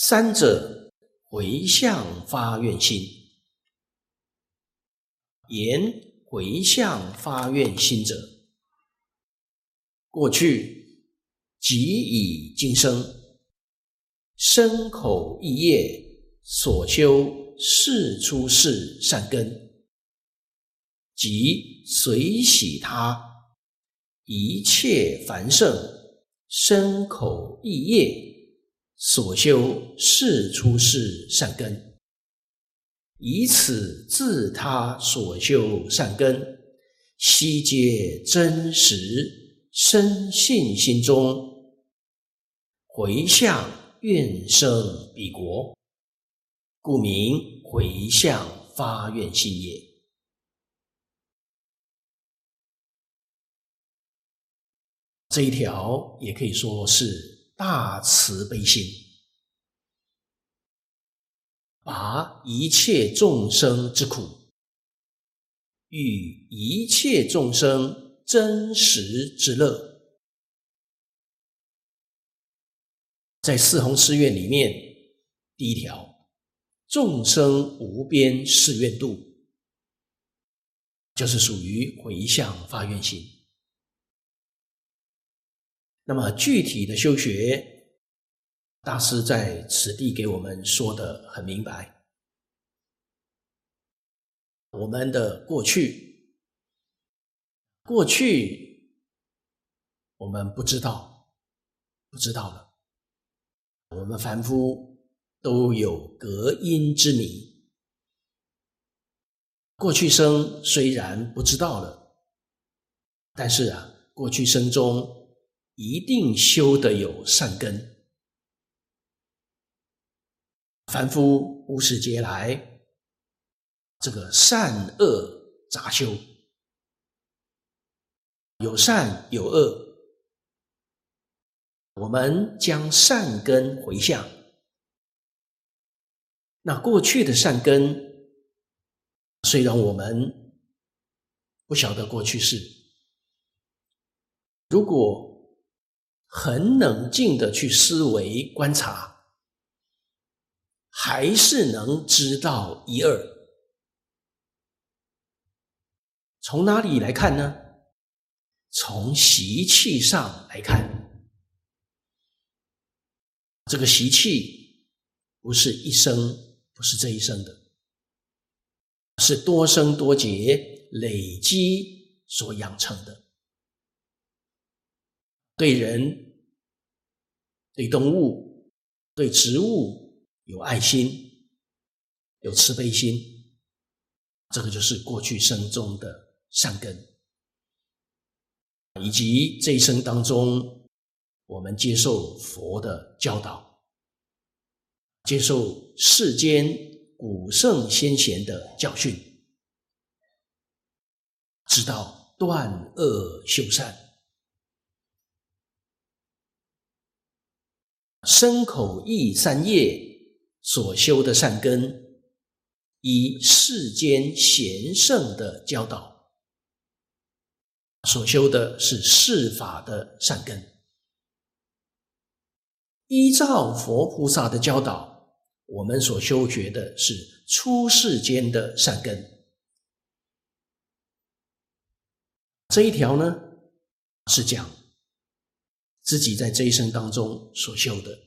三者回向發願心，言回向發願心者，過去即以今生身口意業所修世出世善根，即隨喜他一切凡聖，身口意業。所修是出世善根，以此自他所修善根，悉皆真實深信心中，回向願生彼國，故名回向發願心也。這一條也可以說是。大慈悲心，拔一切眾生之苦，與一切眾生真實之樂，在四弘誓願裡面，第一條，眾生無邊誓願度，就是屬於回向發願心。那麼具體的修學，大師在此地給我們說得很明白。我們的過去，過去我們不知道，不知道了。我們凡夫都有隔陰之迷。過去生雖然不知道了，但是啊，過去生中。一定修得有善根，凡夫無始劫來，這個善惡雜修，有善有惡。我們將善根回向，那過去的善根，雖然我們不曉得過去世。如果。很冷靜的去思維觀察，還是能知道一二。從哪裡來看呢？從習氣上來看，這個習氣不是一生，不是這一生的，是多生多劫累積所養成的。對人、對動物、對植物有愛心、有慈悲心，這個就是過去生中的善根，以及這一生當中，我們接受佛的教導，接受世間古聖先賢的教訓，知道斷惡修善。身口意三業所修的善根，以世間賢聖的教導所修的是世法的善根。依照佛菩薩的教導，我們所修學的是出世間的善根。這一條呢，是講。自己在這一生當中所修的。